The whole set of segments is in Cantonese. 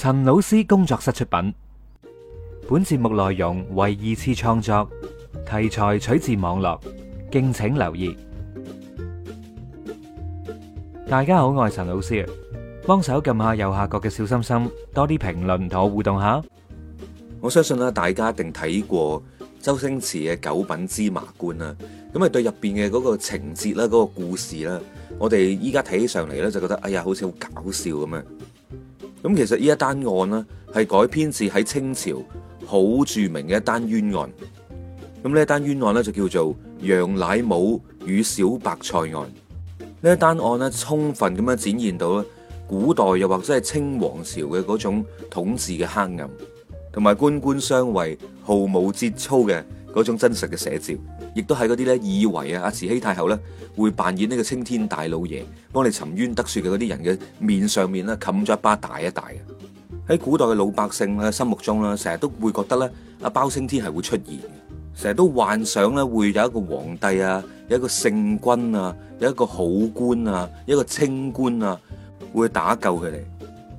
陳老師工作室出品，本節目內容為二次創作，題材取自網絡，敬請留意。大家好，我係陳老師，幫手撳下右下角嘅小心心，多啲評論同我互動下。我相信啦，大家一定睇過周星馳嘅《九品芝麻官》啦，咁啊對入邊嘅嗰個情節啦，嗰個故事啦，我哋依家睇起上嚟咧，就覺得哎呀，好似好搞笑咁樣。咁其實呢一單案呢，係改編自喺清朝好著名嘅一單冤案。咁呢一單冤案呢，就叫做楊乃武與小白菜案。呢一單案呢，充分咁樣展現到咧古代又或者係清王朝嘅嗰種統治嘅黑暗，同埋官官相衛、毫無節操嘅嗰種真實嘅寫照。亦都喺嗰啲咧，以為啊，阿慈禧太后咧會扮演呢個青天大老爺幫你沉冤得雪嘅嗰啲人嘅面上面咧，冚咗一巴大一大嘅。喺古代嘅老百姓咧心目中咧，成日都會覺得咧，阿包青天係會出現，成日都幻想咧會有一個皇帝啊，有一個聖君啊，有一個好官啊，有一個清官啊，會打救佢哋。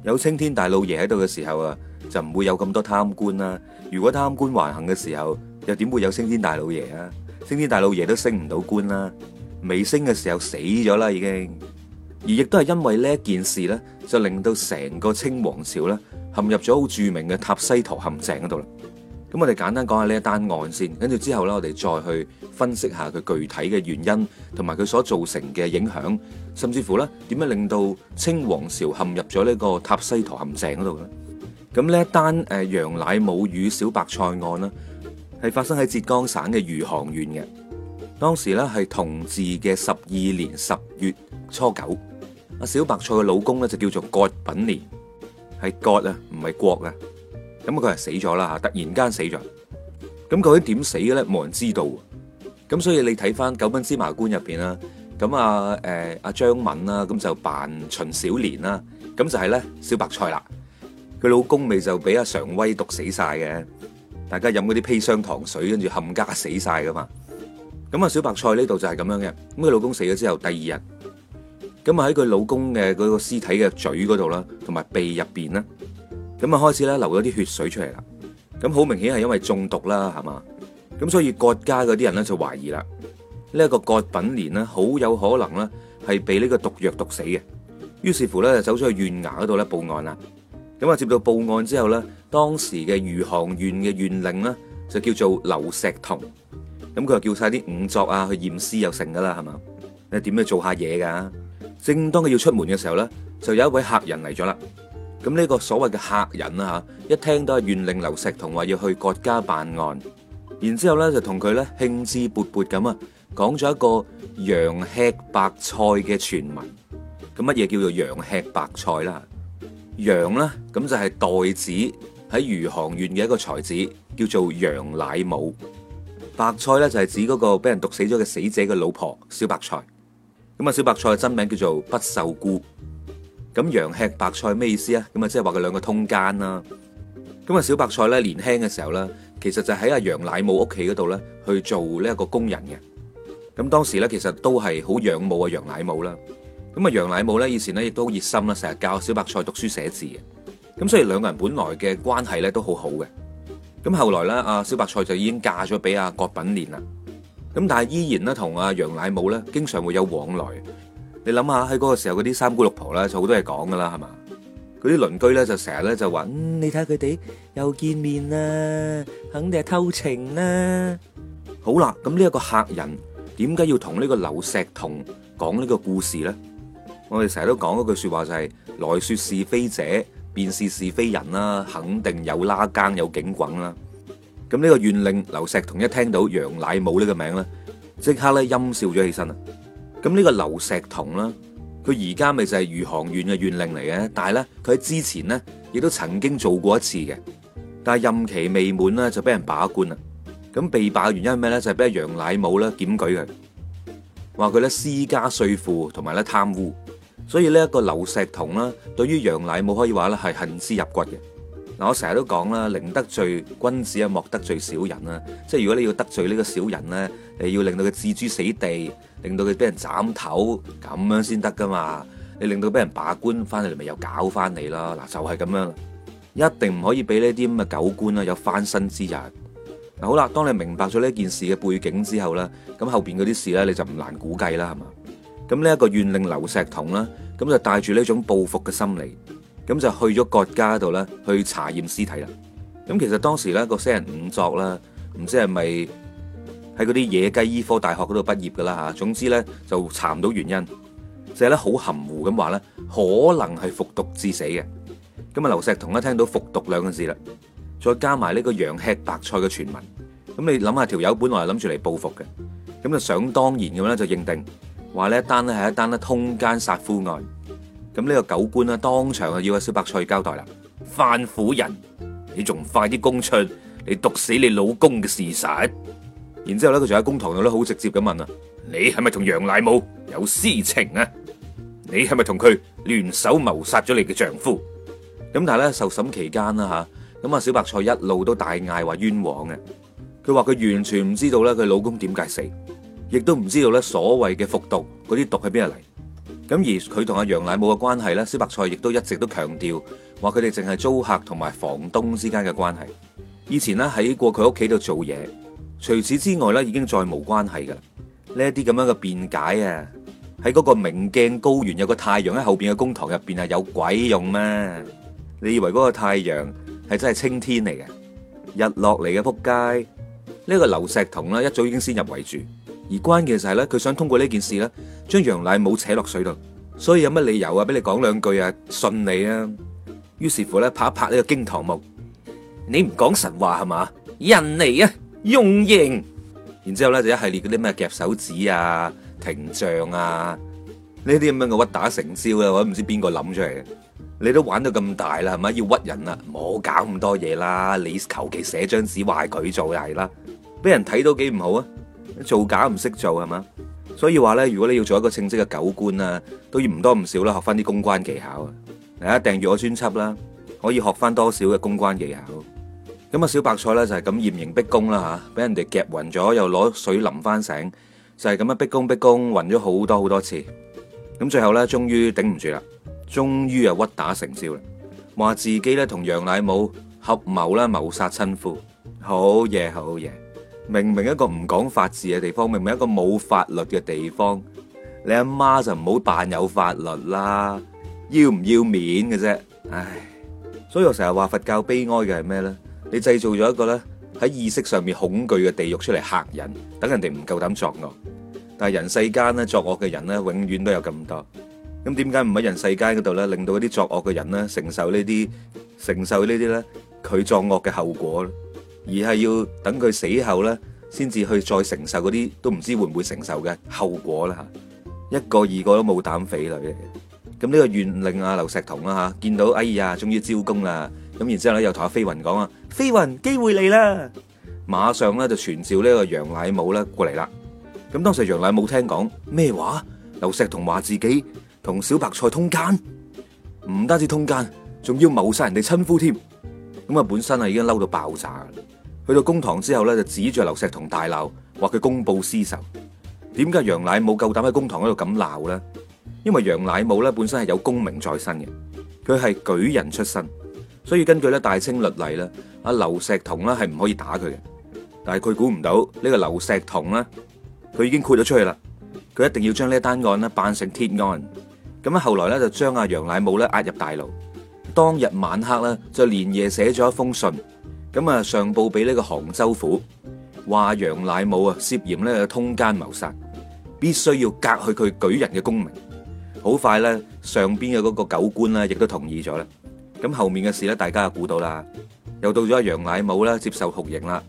有青天大老爺喺度嘅時候啊，就唔會有咁多貪官啦。如果貪官橫行嘅時候，又點會有青天大老爺啊？青天大老爺都升唔到官啦，未升嘅時候死咗啦已經，而亦都係因為呢一件事咧，就令到成個清皇朝咧陷入咗好著名嘅塔西佗陷阱嗰度啦。咁我哋簡單講下呢一單案先，跟住之後咧，我哋再去分析下佢具體嘅原因，同埋佢所造成嘅影響，甚至乎咧點樣令到清皇朝陷入咗呢個塔西佗陷阱嗰度咧？咁呢一單誒楊乃武與小白菜案啦。係發生喺浙江省嘅餘杭縣嘅，當時咧係同治嘅十二年十月初九，阿小白菜嘅老公咧就叫做葛品蓮。係葛啊，唔係郭啊，咁佢係死咗啦吓，突然間死咗，咁究竟點死嘅咧？冇人知道，咁所以你睇翻《九品芝麻官》入邊啦，咁啊誒阿、啊、張敏啦，咁就扮秦小蓮啦，咁就係咧小白菜啦，佢老公咪就俾阿常威毒死晒嘅。大家飲嗰啲砒霜糖水，跟住冚家死晒噶嘛！咁啊，小白菜呢度就係咁樣嘅。咁佢老公死咗之後，第二日，咁啊喺佢老公嘅嗰個屍體嘅嘴嗰度啦，同埋鼻入面啦，咁啊開始咧流咗啲血水出嚟啦。咁好明顯係因為中毒啦，係嘛？咁所以葛家嗰啲人咧就懷疑啦，呢、這、一個葛品連咧好有可能咧係被呢個毒藥毒死嘅。於是乎咧就走咗去縣衙嗰度咧報案啦。咁啊接到報案之後咧。當時嘅餘杭縣嘅縣令咧，就叫做劉錫彤，咁佢又叫曬啲仵作啊去驗屍又成噶啦，係嘛？你點去做下嘢噶？正當佢要出門嘅時候咧，就有一位客人嚟咗啦。咁呢個所謂嘅客人啊嚇，一聽到係縣令劉錫彤話要去各家辦案，然之後咧就同佢咧興致勃勃咁啊講咗一個羊吃白菜嘅傳聞。咁乜嘢叫做羊吃白菜啦？羊咧咁就係代指。喺餘杭縣嘅一個才子叫做楊乃武，白菜咧就係指嗰個俾人毒死咗嘅死者嘅老婆小白菜。咁啊，小白菜真名叫做不秀姑。咁楊吃白菜咩意思啊？咁啊，即係話佢兩個通奸啦。咁啊，小白菜咧年輕嘅時候咧，其實就喺阿楊乃武屋企嗰度咧去做呢一個工人嘅。咁當時咧，其實都係好仰慕阿楊乃武啦。咁啊，楊乃武咧以前咧亦都好熱心啦，成日教小白菜讀書寫字嘅。咁所以兩個人本來嘅關係咧都好好嘅。咁後來咧，阿小白菜就已經嫁咗俾阿葛品連啦。咁但係依然咧，同阿楊乃武咧，經常會有往來。你諗下喺嗰個時候，嗰啲三姑六婆咧就好多嘢講噶啦，係嘛？嗰啲鄰居咧就成日咧就話、嗯，你睇下佢哋又見面啦，肯定係偷情啦。好啦，咁呢一個客人點解要同呢個劉錫彤講呢個故事咧？我哋成日都講一句説話就係、是、來説是非者。便是是非人啦，肯定有拉更有警棍啦。咁呢個縣令劉錫彤一聽到楊乃武呢個名咧，即刻咧陰笑咗起身啊。咁呢個劉錫彤啦，佢而家咪就係余杭縣嘅縣令嚟嘅，但係咧佢喺之前咧亦都曾經做過一次嘅，但係任期未滿咧就俾人罷官啦。咁被罷嘅原因係咩咧？就係俾楊乃武咧檢舉佢，話佢咧私加稅負同埋咧貪污。所以呢一個劉錫彤啦，對於楊乃武可以話咧係恨之入骨嘅。嗱，我成日都講啦，寧得罪君子啊，莫得罪小人啦。即係如果你要得罪呢個小人咧，你要令到佢置諸死地，令到佢俾人斬頭咁樣先得噶嘛。你令到俾人罷官翻嚟，咪又搞翻你啦。嗱，就係、是、咁樣，一定唔可以俾呢啲咁嘅狗官啦有翻身之日。嗱，好啦，當你明白咗呢件事嘅背景之後咧，咁後面嗰啲事咧你就唔難估計啦，係嘛？咁呢一個怨令劉錫彤啦，咁就帶住呢種報復嘅心理，咁就去咗郭家度咧去查驗屍體啦。咁其實當時咧個新人仵作啦，唔知係咪喺嗰啲野雞醫科大學嗰度畢業噶啦吓。總之咧就查唔到原因，淨係，咧好含糊咁話咧，可能係服毒致死嘅。咁啊劉錫彤一聽到服毒兩個字啦，再加埋呢個羊吃白菜嘅傳聞，咁你諗下條友本來係諗住嚟報復嘅，咁就想當然咁咧就認定。話呢一單咧係一單咧通姦殺夫案，咁呢個狗官啊當場啊要阿小白菜交代啦，犯婦人，你仲快啲，供出你毒死你老公嘅事實？然之後咧佢仲喺公堂度咧好直接咁問啊，你係咪同楊乃武有私情啊？你係咪同佢聯手謀殺咗你嘅丈夫？咁但係咧受審期間啦吓，咁啊小白菜一路都大嗌話冤枉嘅，佢話佢完全唔知道咧佢老公點解死。亦都唔知道咧，所謂嘅服毒嗰啲毒喺邊度嚟？咁而佢同阿楊乃武嘅關係咧，小白菜亦都一直都強調話佢哋淨係租客同埋房東之間嘅關係。以前咧喺過佢屋企度做嘢，除此之外咧已經再冇關係噶。呢一啲咁樣嘅辯解啊，喺嗰個明鏡高懸有個太陽喺後邊嘅公堂入邊啊，有鬼用咩？你以為嗰個太陽係真係青天嚟嘅？日落嚟嘅撲街！呢個劉錫彤啦，一早已經先入為主。而關鍵就係咧，佢想通過呢件事咧，將楊乃武扯落水度，所以有乜理由啊？俾你講兩句啊，信你啦、啊。於是乎咧，拍一拍呢個驚堂木，你唔講實話係嘛？人嚟啊，用刑。然之後咧，就一系列嗰啲咩夾手指啊、停脹啊呢啲咁樣嘅屈打成招啦，我都唔知邊個諗出嚟？你都玩到咁大啦，係咪？要屈人啦、啊，唔好搞咁多嘢啦。你求其寫張紙話佢做就係啦，俾人睇到幾唔好啊？做假唔識做係嘛，所以話咧，如果你要做一個稱職嘅狗官啦，都要唔多唔少啦，學翻啲公關技巧啊！嚟啊，訂閱我專輯啦，可以學翻多少嘅公關技巧。咁啊，小白菜咧就係咁嚴刑逼供啦吓，俾人哋夾暈咗，又攞水淋翻醒，就係咁樣逼供逼供，暈咗好多好多次。咁最後咧，終於頂唔住啦，終於啊屈打成招啦，話自己咧同楊乃武合謀啦謀殺親夫。好嘢，好嘢。明明一個唔講法治嘅地方，明明一個冇法律嘅地方，你阿媽就唔好扮有法律啦，要唔要面嘅啫？唉，所以我成日話佛教悲哀嘅係咩咧？你製造咗一個咧喺意識上面恐懼嘅地獄出嚟嚇人，等人哋唔夠膽作惡。但係人世間咧作惡嘅人咧永遠都有咁多，咁點解唔喺人世間嗰度咧令到啲作惡嘅人咧承受呢啲承受呢啲咧佢作惡嘅後果咧？而係要等佢死後咧，先至去再承受嗰啲都唔知會唔會承受嘅後果啦吓，一個二個都冇膽肥女。咁呢個縣令啊，劉石同啦吓，見到哎呀，終於招供啦。咁然之後咧，又同阿飛雲講啊，飛雲機會嚟啦，馬上咧就傳召呢個楊乃武咧過嚟啦。咁當時楊乃武聽講咩話？劉石同話自己同小白菜通奸，唔單止通奸，仲要謀殺人哋親夫添。咁啊，本身啊已經嬲到爆炸。去到公堂之後咧，就指住劉錫彤大鬧，話佢公報私仇。點解楊乃武夠膽喺公堂嗰度咁鬧咧？因為楊乃武咧本身係有功名在身嘅，佢係舉人出身，所以根據咧大清律例咧，阿劉錫彤咧係唔可以打佢嘅。但係佢估唔到呢個劉錫彤咧，佢已經豁咗出去啦，佢一定要將呢一單案咧辦成鐵案。咁啊，後來咧就將阿楊乃武咧押入大牢。當日晚黑咧就連夜寫咗一封信。咁啊，上報俾呢個杭州府，話楊乃武啊，涉嫌咧通奸謀殺，必須要革去佢舉人嘅功名。好快咧，上邊嘅嗰個狗官咧，亦都同意咗啦。咁後面嘅事咧，大家又估到啦，又到咗阿楊乃武啦，接受酷刑啦，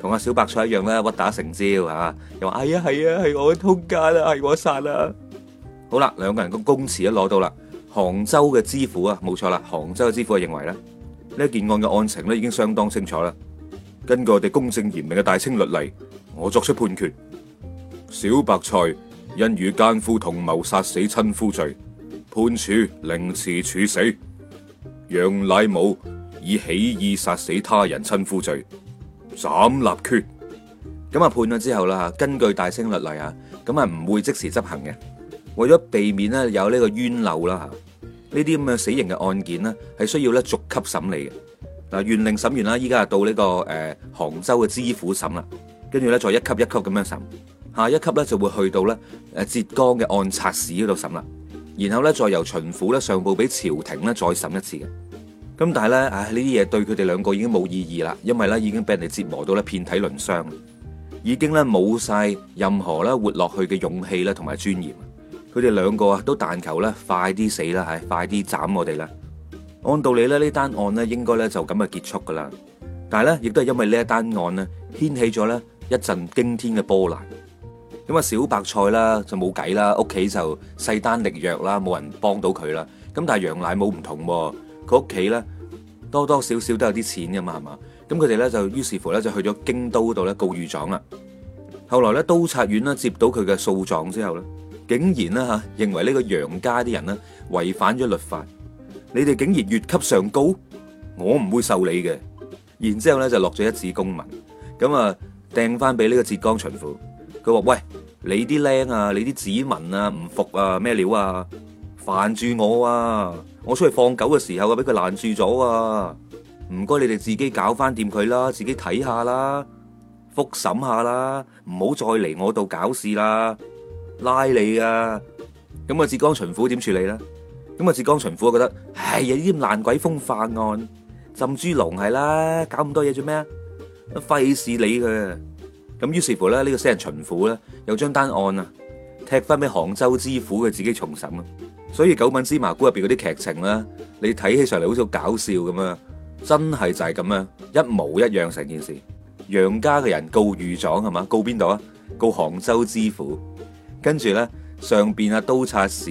同阿小白菜一樣咧，屈打成招啊！又話哎呀，係啊，係我通奸啊，係我殺啊！好啦，兩個人嘅供詞都攞到啦，杭州嘅知府啊，冇錯啦，杭州嘅知府認為咧。呢件案嘅案情咧已經相當清楚啦。根據我哋公正嚴明嘅大清律例，我作出判決：小白菜因與奸夫同謀殺死親夫罪，判處凌遲處死；楊乃武以起意殺死他人親夫罪，斬立決。咁啊判咗之後啦吓，根據大清律例啊，咁啊唔會即時執行嘅。為咗避免呢有呢個冤漏啦吓。呢啲咁嘅死刑嘅案件咧，係需要咧逐級審理嘅。嗱，縣令審完啦，依家啊到呢個誒、呃、杭州嘅知府審啦，跟住咧再一級一級咁樣審，下一級咧就會去到咧誒浙江嘅按察使嗰度審啦，然後咧再由巡撫咧上報俾朝廷咧再審一次嘅。咁但係咧，唉呢啲嘢對佢哋兩個已經冇意義啦，因為咧已經俾人哋折磨到咧遍體鱗傷，已經咧冇晒任何咧活落去嘅勇氣啦同埋尊嚴。佢哋兩個啊，都但求咧快啲死啦，係快啲斬我哋啦！按道理咧，呢單案咧應該咧就咁啊結束噶啦。但係咧，亦都係因為呢一單案咧掀起咗咧一陣驚天嘅波瀾。咁啊，小白菜啦就冇計啦，屋企就勢單力弱啦，冇人幫到佢啦。咁但係楊乃武唔同喎，佢屋企咧多多少少都有啲錢噶嘛，係嘛？咁佢哋咧就於是乎咧就去咗京都度咧告御狀啦。後來咧，都察院呢接到佢嘅訴狀之後咧，竟然啦、啊、吓，認為呢個楊家啲人呢、啊、違反咗律法，你哋竟然越級上告，我唔會受理嘅。然之後咧就落咗一紙公文，咁啊掟翻俾呢個浙江巡撫。佢話：喂，你啲僆啊，你啲子民啊，唔服啊，咩料啊？煩住我啊！我出去放狗嘅時候啊，俾佢攔住咗啊！唔該，你哋自己搞翻掂佢啦，自己睇下啦，複審下啦，唔好再嚟我度搞事啦。拉你啊！咁啊，浙江巡撫點處理咧？咁啊，浙江巡撫我覺得唉呀，呢啲爛鬼風化案，浸豬籠係啦，搞咁多嘢做咩啊？都費事理佢。咁於是乎咧，呢、這個死人巡撫咧又將單案啊踢翻俾杭州知府佢自己重審啊。所以九品芝麻官入邊嗰啲劇情咧，你睇起上嚟好似好搞笑咁啊，真係就係咁啊，一模一樣成件事。楊家嘅人告御狀係嘛？告邊度啊？告杭州知府。跟住咧，上邊啊，都察使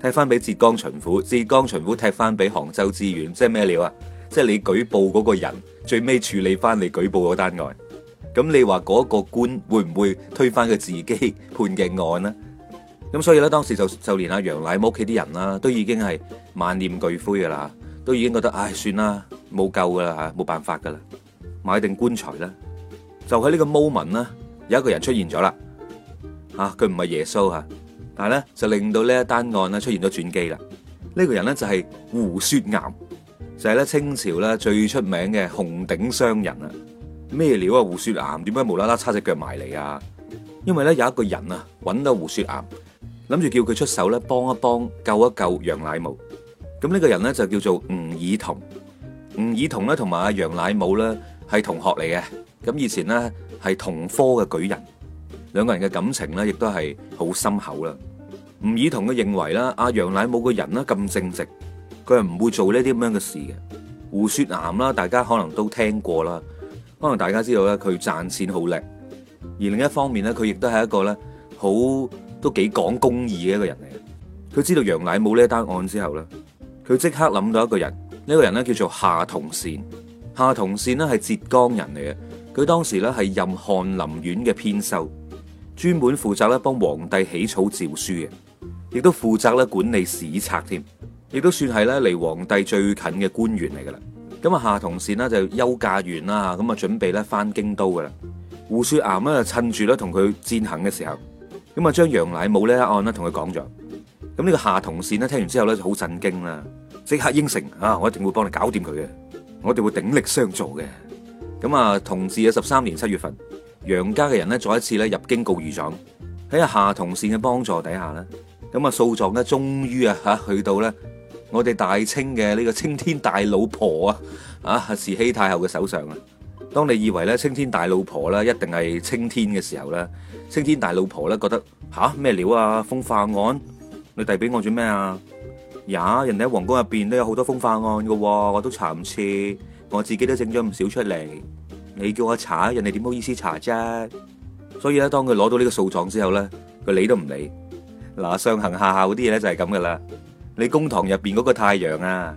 踢翻俾浙江巡撫，浙江巡撫踢翻俾杭州知縣，即係咩料啊？即係你舉報嗰個人，最尾處理翻你舉報嗰單案，咁你話嗰個官會唔會推翻佢自己呵呵判嘅案呢？咁所以咧，當時就就連阿、啊、楊乃武屋企啲人啦，都已經係萬念俱灰噶啦，都已經覺得唉、哎，算啦，冇救噶啦，吓，冇辦法噶啦，買定棺材啦。就喺呢個 moment 啦，有一個人出現咗啦。啊，佢唔係耶穌吓，但係咧就令到呢一單案咧出現咗轉機啦。呢、這個人咧就係胡雪岩，就係、是、咧清朝咧最出名嘅紅頂商人什麼啊。咩料啊胡雪岩？點解無啦啦叉隻腳埋嚟啊？因為咧有一個人啊，揾到胡雪岩，諗住叫佢出手咧幫一幫、救一救楊乃武。咁、這、呢個人咧就叫做吳以同，吳以同咧同埋阿楊乃武咧係同學嚟嘅，咁以前咧係同科嘅舉人。兩個人嘅感情咧，亦都係好深厚啦。吳以同嘅認為啦，阿楊乃武個人咧咁正直，佢係唔會做呢啲咁樣嘅事嘅。胡雪岩啦，大家可能都聽過啦，可能大家知道咧，佢賺錢好叻，而另一方面咧，佢亦都係一個咧好都幾講公義嘅一個人嚟嘅。佢知道楊乃武呢一單案之後咧，佢即刻諗到一個人呢、呢個人咧叫做夏同善。夏同善呢係浙江人嚟嘅，佢當時咧係任翰林院嘅編修。專門負責咧幫皇帝起草詔書嘅，亦都負責咧管理史冊添，亦都算係咧離皇帝最近嘅官員嚟噶啦。咁啊，夏同善呢，就休假完啦，咁啊準備咧翻京都噶啦。胡雪岩咧趁住咧同佢餞行嘅時候，咁啊將楊乃武咧一案咧同佢講咗。咁呢個夏同善呢，聽完之後咧就好震驚啦，即刻應承啊，我一定會幫你搞掂佢嘅，我哋會鼎力相助嘅。咁啊，同治嘅十三年七月份。楊家嘅人咧，再一次咧入京告御狀，喺夏同善嘅幫助底下咧，咁啊訴狀咧終於啊吓去到咧我哋大清嘅呢個青天大老婆啊啊慈禧太后嘅手上啊！當你以為咧青天大老婆咧一定係青天嘅時候咧，青天大老婆咧覺得吓咩料啊？風化案你遞俾我做咩啊？呀人哋喺皇宮入邊都有好多風化案噶，我都查唔切，我自己都整咗唔少出嚟。你叫我查，人哋點好意思查啫？所以咧，當佢攞到呢個訴狀之後咧，佢理都唔理嗱。上行下效嗰啲嘢咧，就係咁噶啦。你公堂入邊嗰個太陽啊，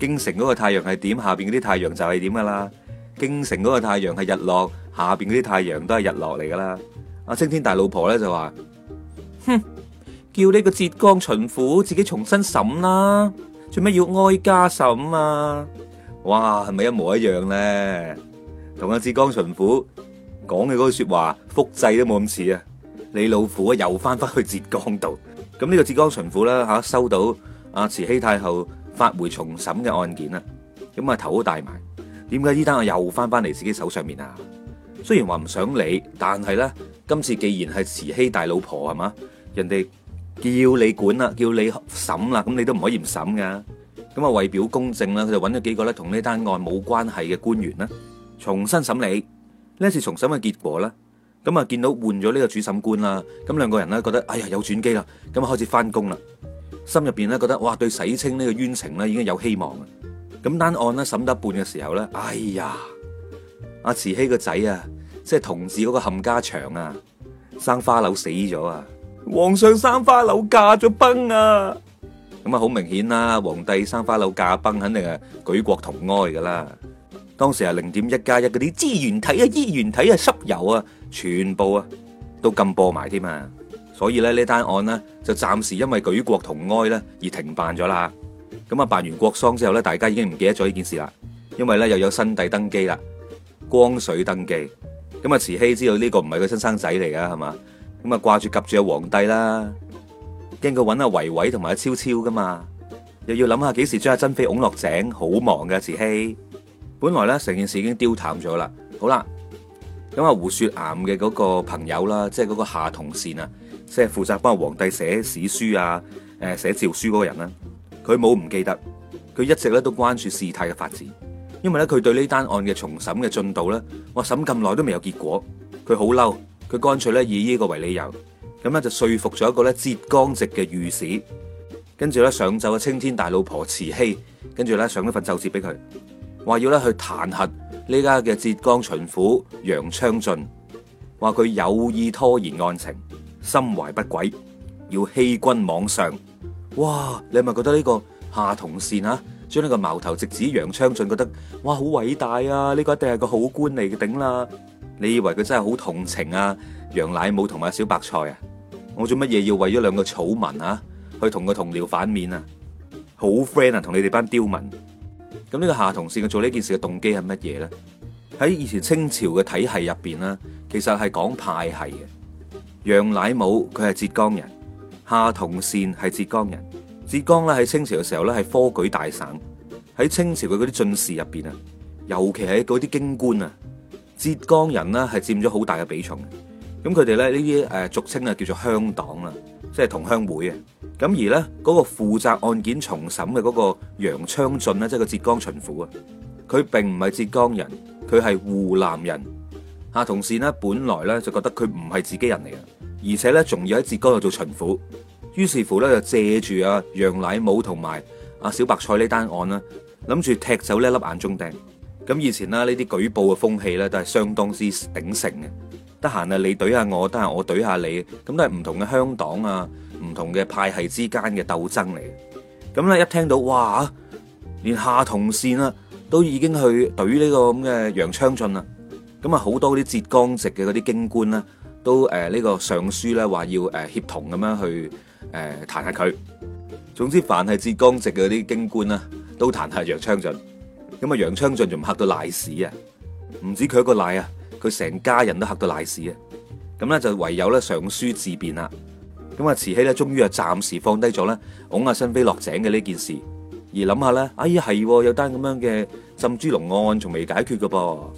京城嗰個太陽係點，下邊嗰啲太陽就係點噶啦。京城嗰個太陽係日落，下邊嗰啲太陽都係日落嚟噶啦。阿青天大老婆咧就話：，哼，叫呢個浙江巡撫自己重新審啦，做咩要哀家審啊？哇，係咪一模一樣咧？同阿浙江巡撫講嘅嗰句說話複製都冇咁似啊！你老虎又翻翻去浙江度，咁、這、呢個浙江巡撫啦，吓，收到阿慈禧太后發回重審嘅案件啦，咁啊頭都大埋。點解呢單案又翻翻嚟自己手上面啊？雖然話唔想理，但係咧今次既然係慈禧大老婆係嘛，人哋叫你管啦，叫你審啦，咁你都唔可以唔審噶。咁啊為表公正啦，佢就揾咗幾個咧同呢單案冇關係嘅官員啦。重新審理呢一次重審嘅結果咧，咁啊見到換咗呢個主審官啦，咁兩個人咧覺得哎呀有轉機啦，咁啊開始翻工啦，心入邊咧覺得哇對洗清呢個冤情，咧已經有希望啦。咁單案咧審得一半嘅時候咧，哎呀阿慈禧個仔啊，即係同治嗰個冚家祥啊，生花柳死咗啊，皇上生花柳駕咗崩啊，咁啊好明顯啦，皇帝生花柳駕崩，肯定係舉國同哀噶啦。當時係零點一加一嗰啲資源體啊，醫源體啊，濕油啊，全部啊都禁播埋添啊。所以咧呢單案呢，就暫時因為舉國同哀咧而停辦咗啦。咁啊辦完國喪之後咧，大家已經唔記得咗呢件事啦。因為咧又有新帝登基啦，光緒登基。咁啊慈禧知道呢個唔係佢親生仔嚟㗎，係嘛？咁啊掛住夾住阿皇帝啦，驚佢揾阿維維同埋阿超超噶嘛，又要諗下幾時將阿珍妃擁落井，好忙噶慈禧。本來咧成件事已經丟淡咗啦，好啦，咁阿胡雪岩嘅嗰個朋友啦，即係嗰個夏同善啊，即係負責幫皇帝寫史書啊，誒寫詔書嗰個人啦，佢冇唔記得，佢一直咧都關注事態嘅發展，因為咧佢對呢單案嘅重審嘅進度咧，我審咁耐都未有結果，佢好嬲，佢乾脆咧以呢個為理由，咁咧就說服咗一個咧浙江籍嘅御史，跟住咧上奏嘅青天大老婆慈禧，跟住咧上咗份奏折俾佢。話要咧去彈劾呢家嘅浙江巡撫楊昌晉，話佢有意拖延案情，心懷不軌，要欺君罔上。哇！你係咪覺得呢個夏同善啊，將呢個矛頭直指楊昌晉，覺得哇好偉大啊？呢個一定係個好官嚟嘅頂啦！你以為佢真係好同情啊楊乃武同埋小白菜啊？我做乜嘢要為咗兩個草民啊，去同個同僚反面啊？好 friend 啊，同你哋班刁民！咁呢個夏同善嘅做呢件事嘅動機係乜嘢咧？喺以前清朝嘅體系入邊咧，其實係講派系嘅。楊乃武佢係浙江人，夏同善係浙江人。浙江咧喺清朝嘅時候咧係科舉大省，喺清朝嘅嗰啲進士入邊啊，尤其係嗰啲京官啊，浙江人呢係佔咗好大嘅比重。咁佢哋咧呢啲誒俗稱啊叫做鄉黨啦。即係同鄉會啊，咁而咧嗰個負責案件重審嘅嗰個楊昌俊咧，即係個浙江巡撫啊，佢並唔係浙江人，佢係湖南人。啊，同事呢，本來咧就覺得佢唔係自己人嚟嘅，而且咧仲要喺浙江度做巡撫，於是乎咧就借住啊楊乃武同埋啊小白菜呢單案啦，諗住踢走呢粒眼中釘。咁以前呢，呢啲舉報嘅風氣咧都係相當之鼎盛嘅。得閒啊，你懟下我，得閒我懟下你，咁都係唔同嘅鄉黨啊，唔同嘅派系之間嘅鬥爭嚟嘅。咁咧一聽到，哇，連夏同善啦，都已經去懟呢個咁嘅楊昌俊啦。咁啊，好多啲浙江籍嘅嗰啲京官咧，都誒呢個上書咧話要誒協同咁樣去誒彈下佢。總之，凡係浙江籍嘅嗰啲京官啦，都彈下楊昌俊。咁啊，楊昌俊仲唔吓到賴屎啊，唔止佢一個賴啊！佢成家人都嚇到賴屎啊！咁咧就唯有咧上書自辯啦。咁啊，慈禧咧，終於啊暫時放低咗咧，拱阿新妃落井嘅呢件事。而諗下咧，哎呀，係有單咁樣嘅浸豬籠案，仲未解決嘅噃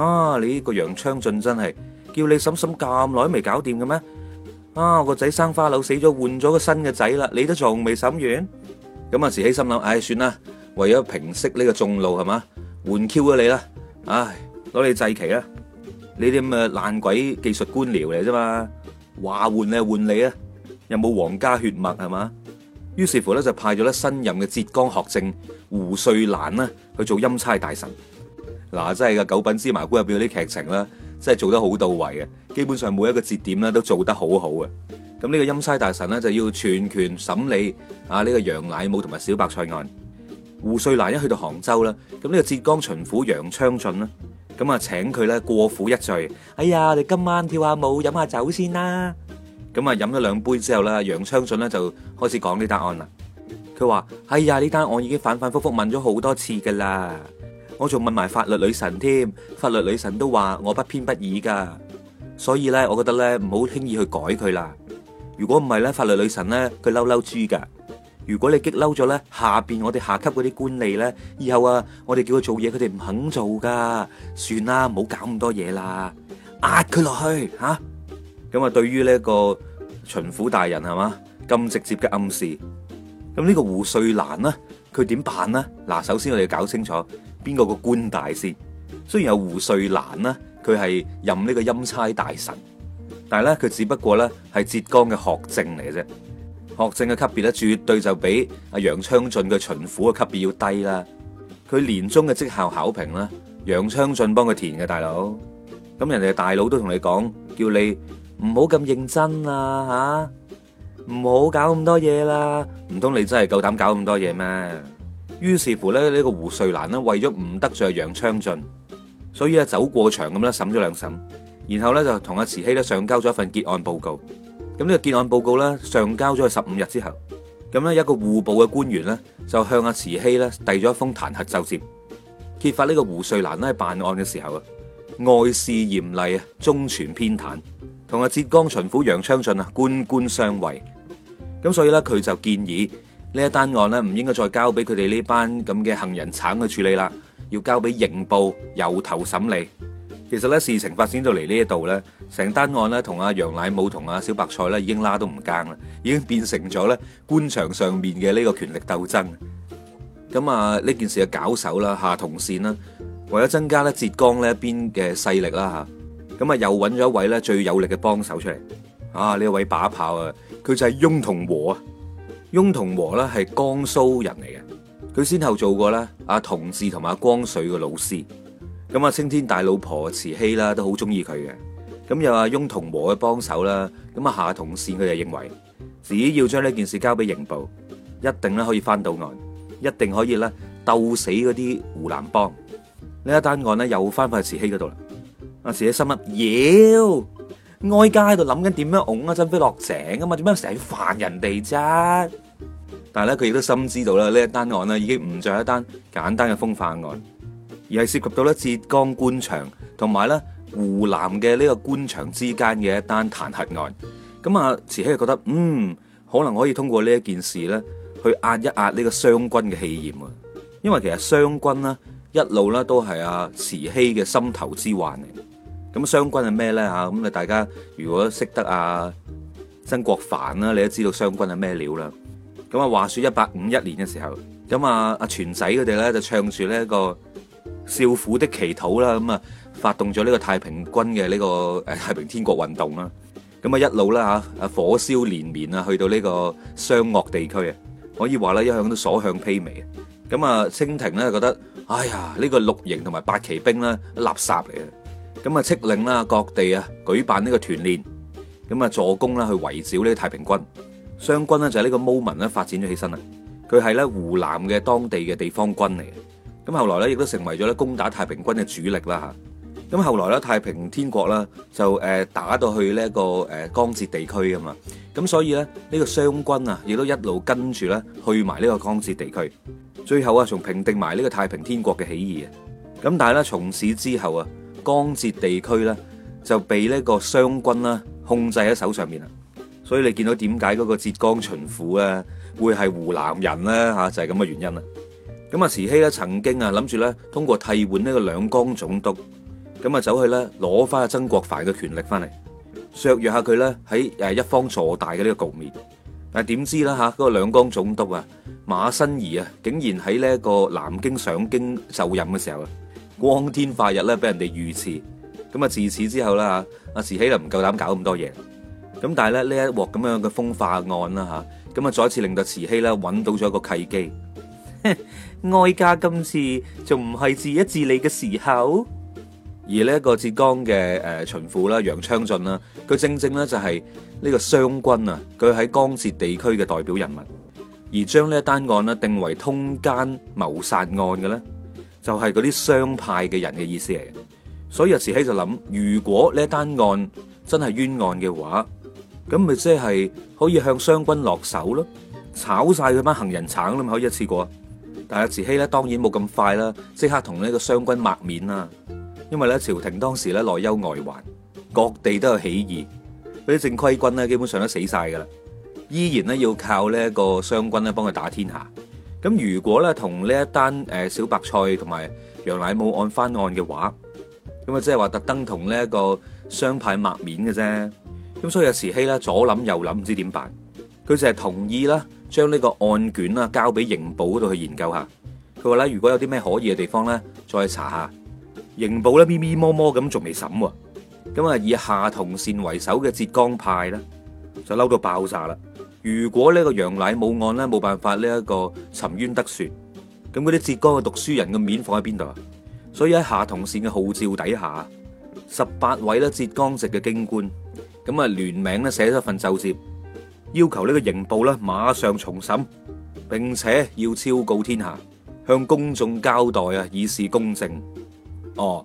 啊！你呢個楊昌俊真係叫你審審咁耐未搞掂嘅咩啊？我個仔生花柳死咗，換咗個新嘅仔啦，你都仲未審完咁啊？慈禧心諗，哎，唉，算啦，為咗平息呢個眾怒係嘛，換 Q 咗你啦，唉，攞你祭旗啦。呢啲咁嘅爛鬼技術官僚嚟啫嘛，話換你又換你啊，又冇皇家血脈係嘛？於是乎咧就派咗咧新任嘅浙江學政胡瑞蘭去做欽差大臣。嗱，真係嘅九品芝麻官入邊嗰啲劇情咧，真係做得好到位嘅，基本上每一個節點咧都做得好好嘅。咁呢個欽差大臣咧就要全權審理啊呢個楊乃武同埋小白菜案。胡瑞蘭一去到杭州啦，咁呢個浙江巡撫楊昌俊咧。咁啊，請佢咧過府一聚。哎呀，我哋今晚跳下舞，飲下酒先啦。咁啊，飲咗兩杯之後咧，楊昌俊咧就開始講呢答案啦。佢話：哎呀，呢單案已經反反复覆問咗好多次噶啦，我仲問埋法律女神添，法律女神都話我不偏不倚噶，所以咧，我覺得咧唔好輕易去改佢啦。如果唔係咧，法律女神咧佢嬲嬲豬噶。她恨恨的如果你激嬲咗咧，下邊我哋下級嗰啲官吏咧，以後啊，我哋叫佢做嘢，佢哋唔肯做噶。算啦，唔好搞咁多嘢啦，壓佢落去吓。咁啊，對於呢一個巡撫大人係嘛，咁直接嘅暗示。咁呢個胡瑞蘭呢，佢點辦呢？嗱，首先我哋要搞清楚邊個個官大先。雖然有胡瑞蘭啦，佢係任呢個欽差大臣，但係咧佢只不過咧係浙江嘅學政嚟嘅啫。學政嘅級別咧，絕對就比阿楊昌晉嘅巡撫嘅級別要低啦。佢年終嘅績效考評啦，楊昌晉幫佢填嘅大佬。咁人哋大佬都同你講，叫你唔好咁認真啊吓，唔好搞咁多嘢啦。唔通你真係夠膽搞咁多嘢咩？於是乎咧，呢個胡瑞蘭咧，為咗唔得罪楊昌晉，所以咧走過場咁啦，審咗兩審，然後咧就同阿慈禧咧上交咗一份結案報告。咁呢個結案報告咧上交咗去十五日之後，咁咧一個戶部嘅官員咧就向阿慈禧咧遞咗一封彈劾奏摺，揭發呢個胡瑞蘭咧喺辦案嘅時候啊外事嚴厲啊，中傳偏袒，同阿浙江巡撫楊昌俊啊官官相衛，咁所以咧佢就建議呢一單案咧唔應該再交俾佢哋呢班咁嘅行人橙去處理啦，要交俾刑部由頭審理。其實咧事情發展到嚟呢一度咧，成單案咧同阿楊乃武同阿小白菜咧已經拉都唔更，啦，已經變成咗咧官場上面嘅呢個權力鬥爭。咁啊呢件事嘅搞手啦夏同善啦，為咗增加咧浙江呢一邊嘅勢力啦吓，咁啊又揾咗一位咧最有力嘅幫手出嚟。啊呢一位把炮啊，佢就係翁同龢。啊。翁同龢咧係江蘇人嚟嘅，佢先後做過咧阿同治同埋阿光緒嘅老師。咁啊，青天大老婆慈禧啦，都好中意佢嘅。咁又阿翁同和嘅幫手啦，咁啊夏同善佢就認為，只要將呢件事交俾刑部，一定咧可以翻到案，一定可以咧鬥死嗰啲湖南幫。呢一單案咧又翻返去慈禧嗰度啦。阿慈禧心諗，妖，哀家喺度諗緊點樣㧬阿振飛落井啊嘛，點樣成日煩人哋啫？但係咧，佢亦都深知道啦，呢一單案咧已經唔像一單簡單嘅風化案。而係涉及到咧浙江官場同埋咧湖南嘅呢個官場之間嘅一單彈劾案。咁啊，慈禧就覺得嗯，可能可以通過呢一件事咧，去壓一壓呢個湘軍嘅氣焰啊。因為其實湘軍呢一路咧都係啊慈禧嘅心頭之患嚟。咁湘軍係咩咧吓？咁你大家如果識得啊曾國藩啦，你都知道湘軍係咩料啦。咁啊，話説一八五一年嘅時候，咁啊阿全仔佢哋咧就唱住咧個。少婦的祈禱啦，咁啊發動咗呢個太平軍嘅呢個誒太平天國運動啦，咁啊一路啦嚇，啊火燒連綿啊，去到呢個湘鄂地區啊，可以話咧一向都所向披靡嘅，咁啊清廷咧覺得，哎呀呢個綠營同埋八旗兵咧垃圾嚟嘅，咁啊斥令啦各地啊舉辦呢個團練，咁啊助攻啦去圍剿呢太平軍，湘軍呢，就係呢個 moment 咧發展咗起身啦，佢係咧湖南嘅當地嘅地方軍嚟嘅。咁後來咧，亦都成為咗咧攻打太平軍嘅主力啦，吓！咁後來咧，太平天國啦，就誒打到去呢一個誒江浙地區㗎嘛，咁所以咧呢個湘軍啊，亦都一路跟住咧去埋呢個江浙地區，最後啊，從平定埋呢個太平天國嘅起義啊，咁但係咧，從此之後啊，江浙地區咧就被呢個湘軍啦控制喺手上面啊，所以你見到點解嗰個浙江巡撫啊會係湖南人咧吓，就係咁嘅原因啦。咁啊，慈禧咧曾經啊諗住咧，通過替換呢個兩江總督，咁啊走去咧攞翻阿曾國藩嘅權力翻嚟，削弱下佢咧喺誒一方坐大嘅呢個局面。但係點知啦吓，嗰個兩江總督啊馬新貽啊，竟然喺呢一個南京上京就任嘅時候咧，光天化日咧俾人哋遇刺。咁啊，自此之後啦吓，阿慈禧就唔夠膽搞咁多嘢。咁但係咧呢一鑊咁樣嘅風化案啦吓，咁啊再一次令到慈禧咧揾到咗一個契機。哀 家今次仲唔係治一治你嘅時候？而呢一個浙江嘅誒巡撫啦，楊昌晉啦，佢正正咧就係呢個湘軍啊，佢喺江浙地區嘅代表人物。而將呢一單案呢定為通姦謀殺案嘅咧，就係嗰啲商派嘅人嘅意思嚟嘅。所以阿慈禧就諗，如果呢一單案真係冤案嘅話，咁咪即係可以向湘軍落手咯，炒晒佢班行人橙啦，咪可以一次過。但阿慈禧咧當然冇咁快啦，即刻同呢個湘軍抹面啦，因為咧朝廷當時咧內憂外患，各地都有起義，嗰啲正規軍咧基本上都死晒噶啦，依然咧要靠呢一個湘軍咧幫佢打天下。咁如果咧同呢一單誒小白菜同埋楊乃武案翻案嘅話，咁啊即係話特登同呢一個湘派抹面嘅啫。咁所以阿慈禧咧左諗右諗唔知點辦，佢淨係同意啦。將呢個案卷啦交俾刑部度去研究下，佢話咧如果有啲咩可疑嘅地方咧，再查下刑部咧咪咪摸摸咁仲未審喎，咁啊以夏同善為首嘅浙江派咧就嬲到爆炸啦！如果呢個楊乃武案咧冇辦法呢一個沉冤得雪，咁嗰啲浙江嘅讀書人嘅面放喺邊度啊？所以喺夏同善嘅號召底下，十八位咧浙江籍嘅京官咁啊聯名咧寫咗一份奏折。要求呢個刑部咧馬上重審，並且要昭告天下，向公眾交代啊，以示公正。哦，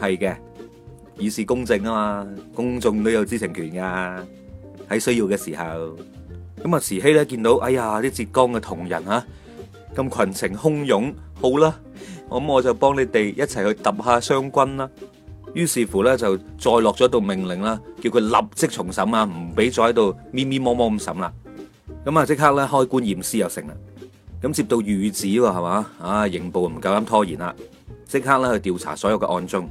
係嘅，以示公正啊嘛，公眾都有知情權噶，喺需要嘅時候。咁啊，慈禧咧見到，哎呀，啲浙江嘅同仁啊，咁群情洶湧，好啦，咁我就幫你哋一齊去揼下湘軍啦。於是乎咧，就再落咗一道命令啦，叫佢立即重審啊，唔俾再喺度咪咪摸摸咁審啦。咁啊，即刻咧開棺驗屍又成啦。咁接到御旨喎，係嘛？啊刑部唔夠膽拖延啦，即刻咧去調查所有嘅案宗，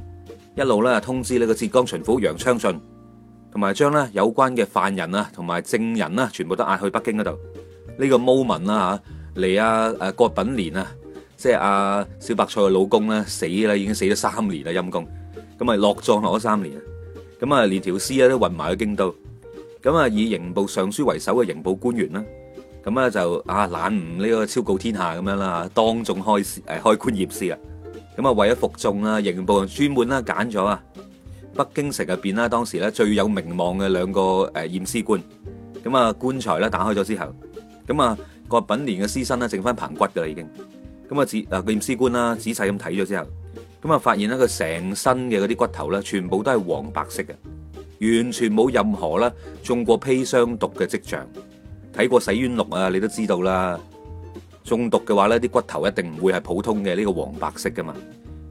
一路咧通知呢個浙江巡撫楊昌濬，同埋將咧有關嘅犯人啊，同埋證人啦，全部都押去北京嗰度。呢個毛文啊，嚇黎啊誒葛品連啊，即係阿小白菜嘅老公咧死啦，已經死咗三年啦，陰公。咁啊，落葬落咗三年，咁啊，連條屍咧都運埋去京都，咁啊，以刑部尚書為首嘅刑部官員啦，咁咧就啊，懶唔呢個昭告天下咁樣啦，當眾開屍誒開棺驗屍啊，咁啊，為咗服眾啦，刑部專門啦揀咗啊北京城入邊啦，當時咧最有名望嘅兩個誒驗屍官，咁啊棺材咧打開咗之後，咁啊郭品年嘅屍身咧剩翻棚骨噶啦已經，咁啊仔啊個驗屍官啦仔細咁睇咗之後。咁啊，發現咧佢成身嘅嗰啲骨頭咧，全部都係黃白色嘅，完全冇任何咧中過砒霜毒嘅跡象。睇過洗冤錄啊，你都知道啦。中毒嘅話咧，啲骨頭一定唔會係普通嘅呢個黃白色噶嘛。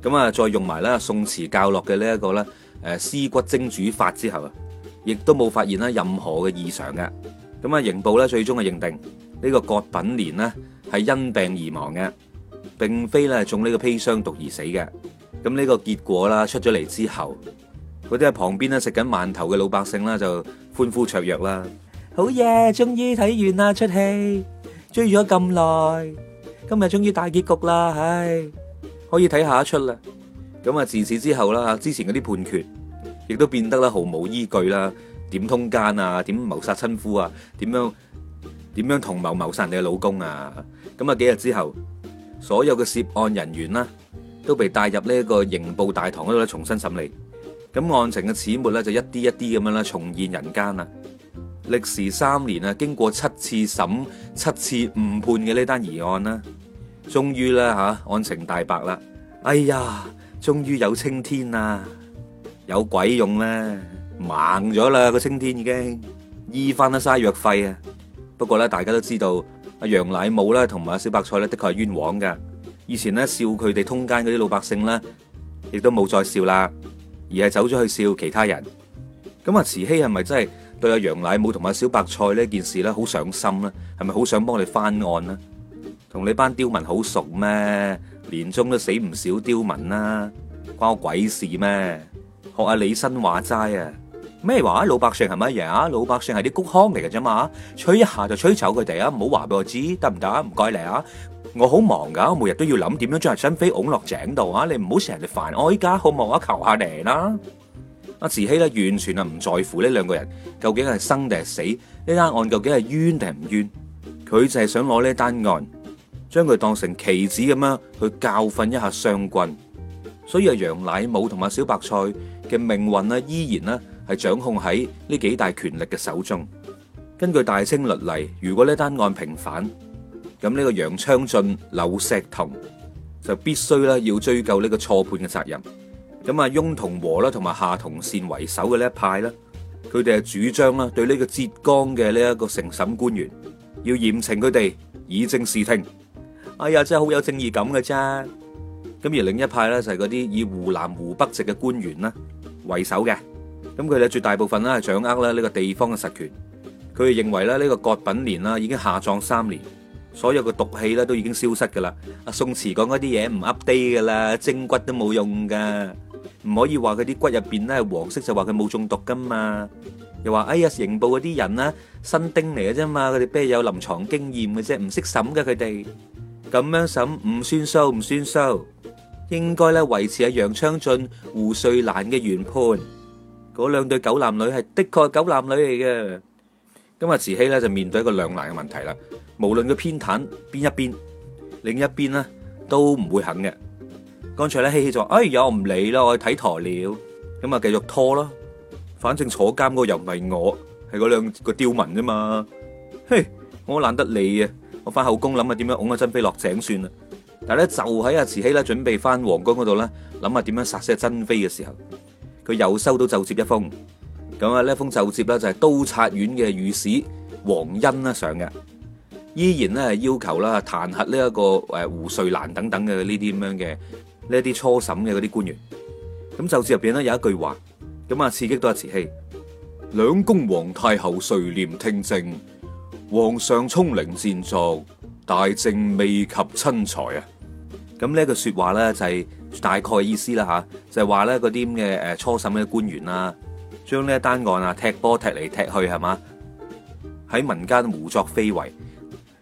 咁啊，再用埋咧宋慈教落嘅呢一個咧，誒屍骨蒸煮法之後，亦都冇發現咧任何嘅異常嘅。咁啊，刑部咧最終係認定呢個葛品連呢，係因病而亡嘅，並非咧中呢個砒霜毒而死嘅。咁呢個結果啦，出咗嚟之後，嗰啲喺旁邊咧食緊饅頭嘅老百姓啦，就歡呼雀躍啦。好嘢，終於睇完啦出戲，追咗咁耐，今日終於大結局啦，唉，可以睇下一齣啦。咁啊，自此之後啦，之前嗰啲判決亦都變得啦毫無依據啦，點通姦啊，點謀殺親夫啊，點樣點樣同謀謀殺你嘅老公啊？咁啊，幾日之後，所有嘅涉案人員啦。都被帶入呢一個刑部大堂嗰度咧，重新審理，咁案情嘅始末咧就一啲一啲咁樣咧重現人間啦。歷時三年啊，經過七次審、七次誤判嘅呢單疑案啦，終於咧吓案情大白啦。哎呀，終於有青天啦！有鬼用咩？盲咗啦個青天，已經醫翻得晒藥費啊！不過咧，大家都知道阿楊乃武咧同埋阿小白菜咧的確係冤枉噶。以前咧笑佢哋通姦嗰啲老百姓咧，亦都冇再笑啦，而係走咗去笑其他人。咁啊，慈禧係咪真係對阿楊乃武同阿小白菜呢件事咧好上心咧？係咪好想幫你翻案咧？同你班刁民好熟咩？年中都死唔少刁民啦，關我鬼事咩？學阿李新話齋啊，咩話？老百姓係乜嘢呀？老百姓係啲谷糠嚟嘅啫嘛，吹一下就吹走佢哋啊！唔好話俾我知得唔得啊？唔該你啊！我好忙噶，我每日都要諗點樣將阿珍飛㧬落井度啊！你唔好成日煩我，依家好忙啊？求下你啦！阿慈禧咧，完全係唔在乎呢兩個人究竟係生定係死，呢單案究竟係冤定唔冤？佢就係想攞呢單案，將佢當成棋子咁樣去教訓一下湘軍。所以阿楊乃武同埋小白菜嘅命運啊，依然咧係掌控喺呢幾大權力嘅手中。根據大清律例，如果呢單案平反，咁呢個楊昌濬、劉錫彤就必須咧要追究呢個錯判嘅責任。咁啊，翁同和啦，同埋夏同善為首嘅呢一派咧，佢哋係主張啦，對呢個浙江嘅呢一個承審官員要嚴懲佢哋以正視聽。哎呀，真係好有正義感嘅咋！咁而另一派咧就係嗰啲以湖南、湖北籍嘅官員啦為首嘅，咁佢哋咧絕大部分咧係掌握咧呢個地方嘅實權。佢哋認為咧呢個葛品連啦已經下葬三年。所有嘅毒氣咧都已經消失噶啦。阿宋慈講嗰啲嘢唔 update 噶啦，蒸骨都冇用噶，唔可以話佢啲骨入邊咧係黃色就話佢冇中毒噶嘛。又話哎呀，刑部嗰啲人咧新丁嚟嘅啫嘛，佢哋邊有臨牀經驗嘅啫，唔識審嘅，佢哋咁樣審唔算數唔算數，應該咧維持阿楊昌俊、胡瑞蘭嘅原判，嗰兩對狗男女係的確係狗男女嚟嘅。咁阿慈禧咧就面對一個兩難嘅問題啦。無論佢偏袒邊一邊，另一邊咧都唔會肯嘅。剛才咧，希希就話，哎呀，我唔理啦，我去睇鴕鳥咁啊，繼續拖咯。反正坐監嗰個又唔係我，係嗰兩個刁民啫嘛。嘿，我懶得理啊，我翻後宮諗下點樣拱阿珍妃落井算啦。但係咧，就喺阿慈禧咧準備翻皇宮嗰度咧，諗下點樣殺死阿珍妃嘅時候，佢又收到奏摺一封咁啊。呢封奏摺咧就係都察院嘅御史黃恩啊上嘅。依然咧係要求啦，彈劾呢一個誒胡瑞蘭等等嘅呢啲咁樣嘅呢一啲初審嘅嗰啲官員。咁奏折入邊咧有一句話，咁啊刺激到阿慈禧。兩宮皇太后垂簾聽政，皇上沖齡踐阼，大政未及親裁啊。咁呢句說話咧就係大概意思啦吓，就係話咧嗰啲咁嘅誒初審嘅官員啦，將呢一單案啊踢波踢嚟踢去係嘛，喺民間胡作非為。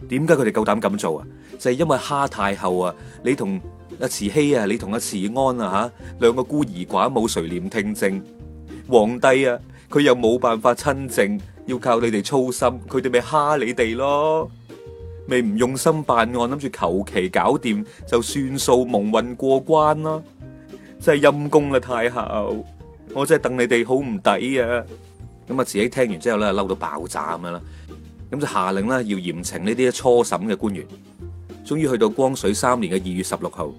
點解佢哋夠膽咁做啊？就係因為蝦太后啊，你同阿慈禧啊，你同阿慈安啊吓，兩個孤兒寡母垂簾聽政？皇帝啊，佢又冇辦法親政，要靠你哋操心，佢哋咪蝦你哋咯？咪唔用心辦案，諗住求其搞掂就算數，蒙混過關啦！真係陰公啦太后，我真係戥你哋好唔抵啊！咁啊，自己聽完之後咧，嬲到爆炸咁樣啦。咁就下令咧，要嚴懲呢啲初審嘅官員。終於去到光緒三年嘅二月十六號，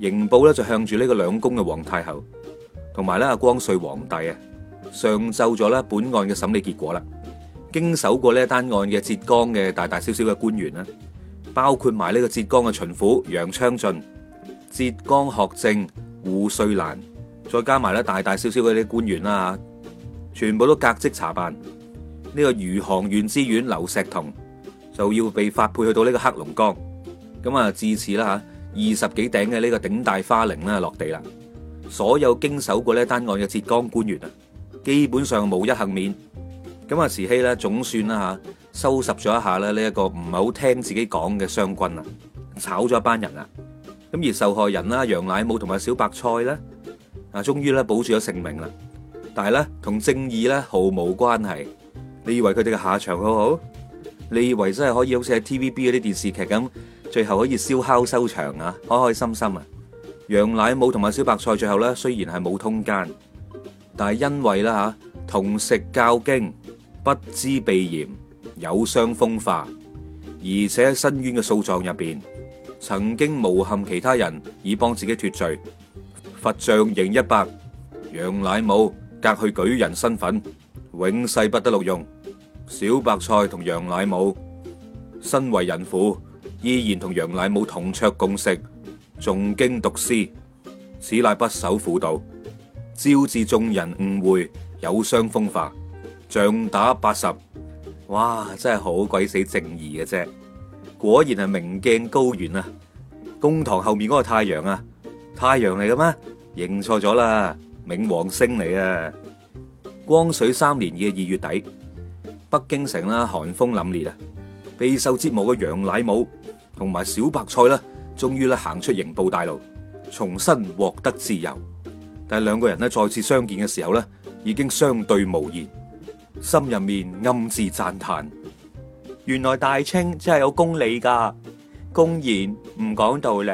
刑部咧就向住呢個兩宮嘅皇太后同埋咧阿光緒皇帝啊，上奏咗咧本案嘅審理結果啦。經手過呢一單案嘅浙江嘅大大小小嘅官員啦，包括埋呢個浙江嘅巡撫楊昌俊、浙江學政胡瑞瀾，再加埋咧大大小小嗰啲官員啦吓，全部都革職查辦。呢個餘杭縣知縣劉錫同就要被發配去到呢個黑龍江，咁啊至此啦吓，二十幾頂嘅呢個頂戴花翎咧落地啦，所有經手過呢單案嘅浙江官員啊，基本上冇一幸免，咁啊慈禧咧總算啦吓，收拾咗一下啦呢一個唔係好聽自己講嘅湘軍啊，炒咗一班人啊，咁而受害人啦楊乃武同埋小白菜咧啊，終於咧保住咗性命啦，但係咧同正義咧毫無關係。你以為佢哋嘅下場好好？你以為真係可以好似喺 TVB 嗰啲電視劇咁，最後可以燒烤收場啊？開開心心啊！楊乃武同埋小白菜最後咧，雖然係冇通姦，但係因為啦吓同食教經，不知避嫌，有傷風化，而且喺申冤嘅訴狀入邊，曾經誣陷其他人以幫自己脱罪，罰杖刑一百，楊乃武革去舉人身份。永世不得錄用。小白菜同楊乃武，身為人婦，依然同楊乃武同桌共食，仲經讀詩，此乃不守婦道，招致眾人誤會，有傷風化，杖打八十。哇，真係好鬼死正義嘅啫！果然係明鏡高懸啊！公堂後面嗰個太陽啊，太陽嚟嘅咩？認錯咗啦，冥王星嚟啊！光緒三年嘅二月底，北京城啦寒風凜冽啊，備受折磨嘅楊乃武同埋小白菜啦，終於咧行出刑部大路，重新獲得自由。但係兩個人呢，再次相見嘅時候呢，已經相對無言，心入面暗自讚嘆：原來大清真係有公理噶，公然唔講道理。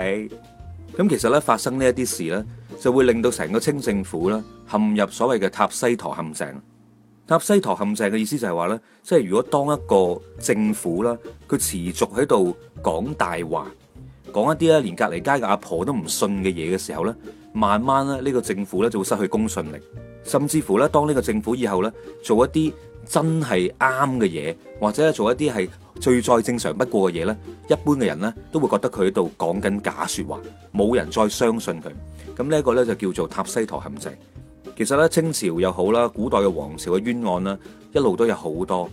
咁其實咧發生呢一啲事呢。就會令到成個清政府咧，陷入所謂嘅塔西佗陷阱。塔西佗陷阱嘅意思就係話咧，即係如果當一個政府咧，佢持續喺度講大話，講一啲咧連隔籬街嘅阿婆都唔信嘅嘢嘅時候咧，慢慢咧呢個政府咧就會失去公信力，甚至乎咧當呢個政府以後咧做一啲真係啱嘅嘢，或者做一啲係最再正常不過嘅嘢咧，一般嘅人咧都會覺得佢喺度講緊假說話，冇人再相信佢。咁呢個咧就叫做塔西陀陷阱。其實咧，清朝又好啦，古代嘅皇朝嘅冤案啦，一路都有好多。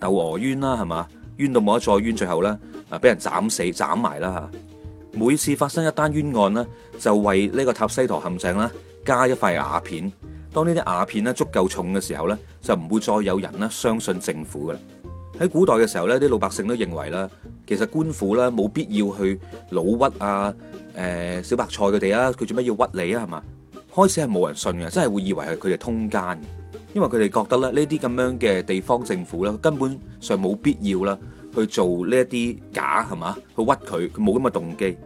竇娥冤啦，係嘛，冤到冇得再冤，最後咧啊俾人斬死斬埋啦吓。每次發生一單冤案咧，就為呢個塔西陀陷阱啦加一塊瓦片。當呢啲瓦片咧足夠重嘅時候咧，就唔會再有人咧相信政府噶啦。喺古代嘅時候咧，啲老百姓都認為咧。其實官府啦冇必要去老屈啊，誒、呃、小白菜佢哋啊，佢做咩要屈你啊？係嘛？開始係冇人信嘅，真係會以為係佢哋通奸，因為佢哋覺得咧呢啲咁樣嘅地方政府咧根本上冇必要啦去做呢一啲假係嘛？去屈佢，佢冇咁嘅動機。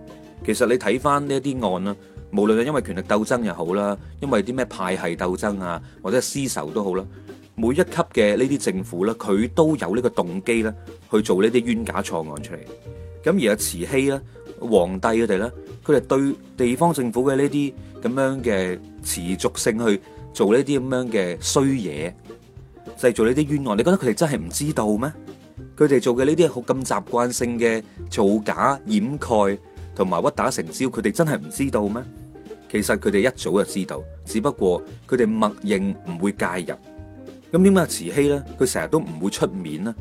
其實你睇翻呢一啲案啦，無論係因為權力鬥爭又好啦，因為啲咩派系鬥爭啊或者係私仇都好啦。每一級嘅呢啲政府咧，佢都有呢個動機咧，去做呢啲冤假錯案出嚟。咁而阿慈禧咧，皇帝佢哋咧，佢哋對地方政府嘅呢啲咁樣嘅持續性去做呢啲咁樣嘅衰嘢，製造呢啲冤案。你覺得佢哋真係唔知道咩？佢哋做嘅呢啲好咁習慣性嘅造假掩蓋同埋屈打成招，佢哋真係唔知道咩？其實佢哋一早就知道，只不過佢哋默認唔會介入。咁點解慈禧咧，佢成日都唔會出面咧？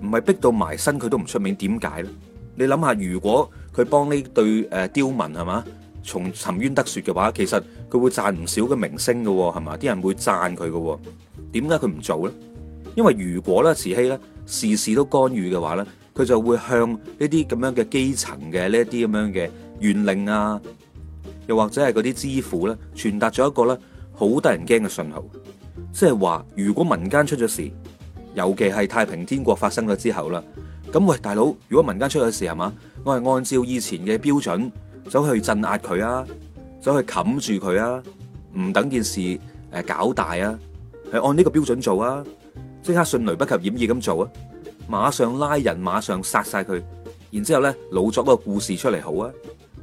唔係逼到埋身佢都唔出面，點解咧？你諗下，如果佢幫呢對誒刁民係嘛從沉冤得雪嘅話，其實佢會，會讚賺唔少嘅明星名聲嘅喎，係嘛？啲人會讚佢嘅喎，點解佢唔做咧？因為如果咧慈禧咧事事都干預嘅話咧，佢就會向呢啲咁樣嘅基層嘅呢一啲咁樣嘅縣令啊，又或者係嗰啲知府咧，傳達咗一個咧好得人驚嘅信號。即係話，如果民間出咗事，尤其係太平天國發生咗之後啦，咁喂，大佬，如果民間出咗事係嘛，我係按照以前嘅標準，走去鎮壓佢啊，走去冚住佢啊，唔等件事誒搞大啊，係按呢個標準做啊，即刻迅雷不及掩耳咁做啊，馬上拉人，馬上殺晒佢，然之後咧老作個故事出嚟好啊，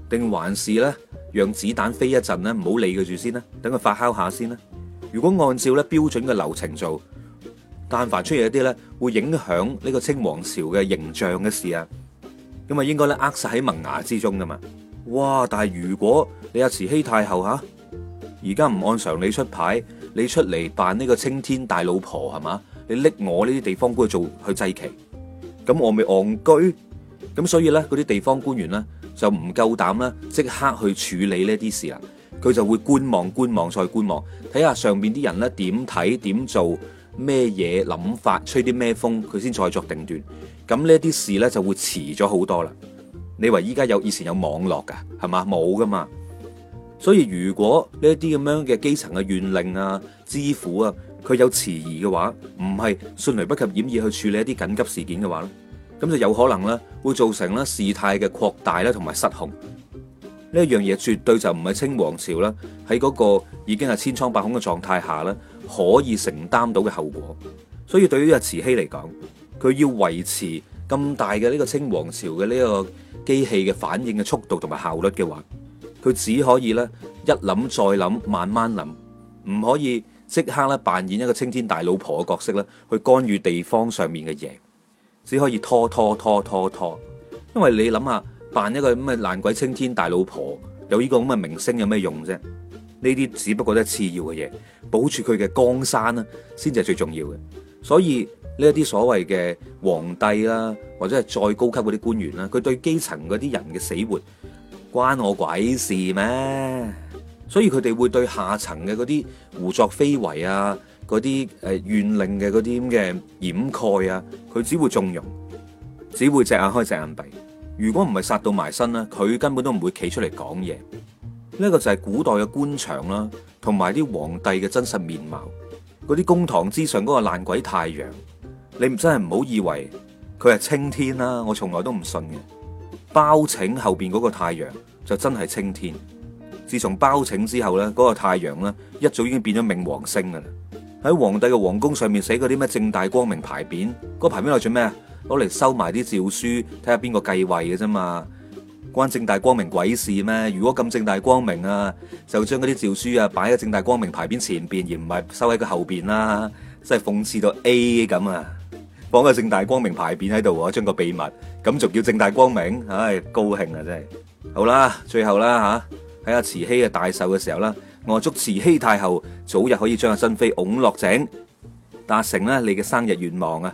定還是咧讓子彈飛一陣咧，唔好理佢住先啦，等佢發酵下先啦。如果按照咧標準嘅流程做，但凡出現一啲咧會影響呢個清王朝嘅形象嘅事啊，咁啊應該咧扼殺喺萌芽之中噶嘛。哇！但係如果你阿慈禧太后吓，而家唔按常理出牌，你出嚟扮呢個青天大老婆係嘛？你拎我呢啲地方官去做，去祭旗，咁我咪戇居。咁所以咧，嗰啲地方官員咧就唔夠膽咧，即刻去處理呢啲事啊。佢就會觀望、觀望再觀望，睇下上邊啲人咧點睇、點做咩嘢諗法、吹啲咩風，佢先再作定斷。咁呢啲事咧就會遲咗好多啦。你話依家有以前有網絡噶，係嘛冇噶嘛？所以如果呢一啲咁樣嘅基層嘅縣令啊、知府啊，佢有遲疑嘅話，唔係迅雷不及掩耳去處理一啲緊急事件嘅話咧，咁就有可能咧會造成咧事態嘅擴大咧同埋失控。呢一樣嘢絕對就唔係清皇朝啦，喺嗰個已經係千瘡百孔嘅狀態下啦，可以承擔到嘅後果。所以對於呢個慈禧嚟講，佢要維持咁大嘅呢個清皇朝嘅呢個機器嘅反應嘅速度同埋效率嘅話，佢只可以咧一諗再諗，慢慢諗，唔可以即刻咧扮演一個青天大老婆嘅角色咧去干預地方上面嘅嘢，只可以拖拖拖拖拖拖。因為你諗下。扮一個咁嘅爛鬼青天大老婆，有呢個咁嘅明星有咩用啫？呢啲只不過都係次要嘅嘢，保住佢嘅江山啦，先至係最重要嘅。所以呢一啲所謂嘅皇帝啦、啊，或者係再高級嗰啲官員啦、啊，佢對基層嗰啲人嘅死活關我鬼事咩？所以佢哋會對下層嘅嗰啲胡作非為啊，嗰啲誒怨憤嘅嗰啲咁嘅掩蓋啊，佢只會縱容，只會隻眼開隻眼閉。如果唔係殺到埋身啦，佢根本都唔會企出嚟講嘢。呢個就係古代嘅官場啦，同埋啲皇帝嘅真實面貌。嗰啲公堂之上嗰個爛鬼太陽，你唔真係唔好以為佢係青天啦！我從來都唔信嘅。包拯後邊嗰個太陽就真係青天。自從包拯之後咧，嗰個太陽咧一早已經變咗冥王星噶啦。喺皇帝嘅皇宮上面寫嗰啲咩正大光明牌匾，嗰個牌匾係做咩啊？攞嚟收埋啲詔書，睇下邊個繼位嘅啫嘛，關正大光明鬼事咩？如果咁正大光明啊，就將嗰啲詔書啊擺喺正大光明牌匾前邊，而唔係收喺個後邊啦，真係諷刺到 A 咁啊！放個正大光明牌匾喺度啊，將個秘密咁仲叫正大光明，唉、哎，高興啊真係！好啦，最後啦吓，喺阿慈禧嘅大壽嘅時候啦，我祝慈禧太后早日可以將阿珍妃拱落井，達成啦你嘅生日願望啊！